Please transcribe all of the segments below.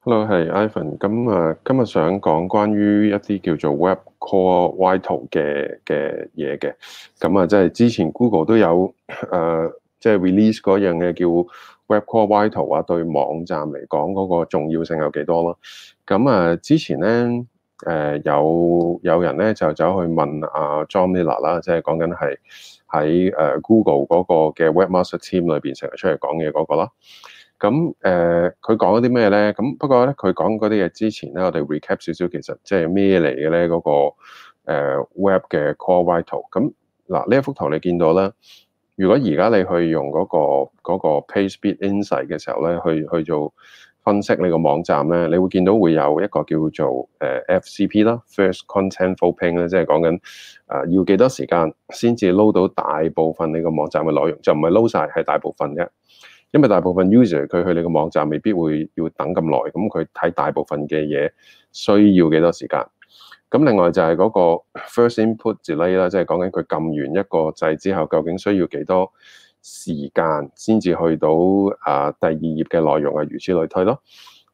Hello，係 Ivan。咁啊，今日想講關於一啲叫做 Web Core Vital 嘅嘅嘢嘅。咁啊，即係之前 Google 都有誒，即、呃、係、就是、release 嗰樣嘅叫 Web Core Vital 啊，對網站嚟講嗰個重要性有幾多咯？咁啊，之前咧誒有有人咧就走去問阿 John Miller 啦，即係講緊係喺誒 Google 嗰個嘅 Webmaster Team 裏邊成日出嚟講嘢嗰個啦。咁誒，佢、呃、講嗰啲咩咧？咁不過咧，佢講嗰啲嘢之前咧，我哋 recap 少少，其實即係咩嚟嘅咧？嗰、那個 Web、呃、嘅 Core Vital 圖。咁嗱，呢一幅圖你見到咧，如果而家你去用嗰、那個、那個、Page Speed Insight 嘅時候咧，去去做分析你個網站咧，你會見到會有一個叫做誒 FCP 啦，First Contentful Paint 咧，即係講緊誒要幾多時間先至 load 到大部分你個網站嘅內容，就唔係 load 晒，係大部分嘅。因為大部分 user 佢去你個網站未必會要等咁耐，咁佢睇大部分嘅嘢需要幾多時間？咁另外就係嗰個 first input delay 啦，即係講緊佢撳完一個掣之後，究竟需要幾多時間先至去到啊第二頁嘅內容啊，如此類推咯。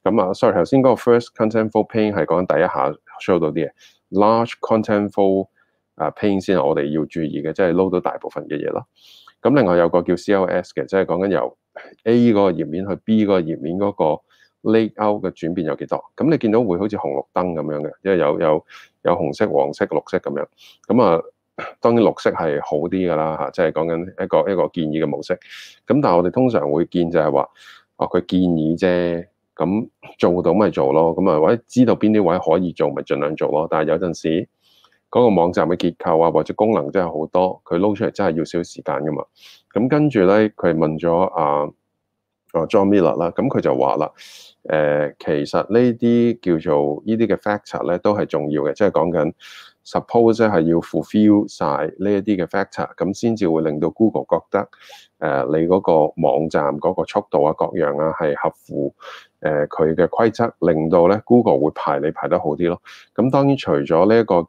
咁啊，sorry 頭先嗰個 first contentful paint 係講緊第一下 show 到啲嘢，large contentful 啊 paint 先係我哋要注意嘅，即係 load 到大部分嘅嘢咯。咁另外有個叫 CLS 嘅，即係講緊由 A 嗰個頁面去 B 嗰個頁面嗰個 layout 嘅轉變有幾多？咁你見到會好似紅綠燈咁樣嘅，因為有有有紅色、黃色、綠色咁樣。咁啊，當然綠色係好啲噶啦，吓，即係講緊一個一個建議嘅模式。咁但係我哋通常會見就係話，哦、啊，佢建議啫，咁做到咪做咯。咁啊，或者知道邊啲位可以做，咪盡量做咯。但係有陣時。嗰個網站嘅結構啊，或者功能真係好多，佢撈出嚟真係要少少時間噶嘛。咁跟住咧，佢問咗啊、哦、John Miller 啦，咁佢就話啦，誒其實呢啲叫做呢啲嘅 factor 咧，都係重要嘅，即係講緊 suppose 係要 fulfill 晒呢一啲嘅 factor，咁先至會令到 Google 覺得誒、呃、你嗰個網站嗰個速度啊、各樣啊係合乎誒佢嘅規則，令到咧 Google 會排你排得好啲咯。咁、呃、當然除咗呢一個。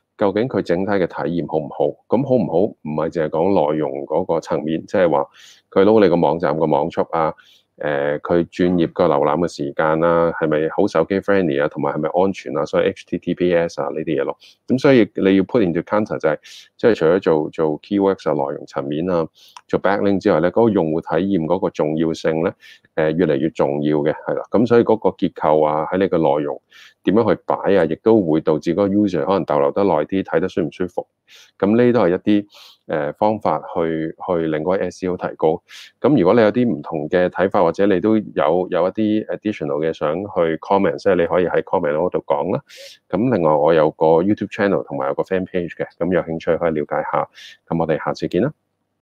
究竟佢整體嘅體驗好唔好？咁好唔好唔係淨係講內容嗰個層面，即係話佢撈你個網站嘅網速啊。誒佢專業個瀏覽嘅時間啦、啊，係咪好手機 friendly 啊，同埋係咪安全啊，所以 HTTPS 啊呢啲嘢咯。咁、啊、所以你要 put into counter 就係、是，即、就、係、是、除咗做做 keywords 啊內容層面啊，做 backlink 之外咧，嗰、那個用戶體驗嗰個重要性咧，誒越嚟越重要嘅，係啦。咁所以嗰個結構啊，喺你個內容點樣去擺啊，亦都會導致嗰個 user 可能逗留得耐啲，睇得舒唔舒服。咁呢都係一啲。誒方法去去令嗰 SEO 提高咁。如果你有啲唔同嘅睇法，或者你都有有一啲 additional 嘅想去 comment，即係你可以喺 comment 度講啦。咁另外我有個 YouTube channel 同埋有個 fan page 嘅，咁有興趣可以了解下。咁我哋下次見啦。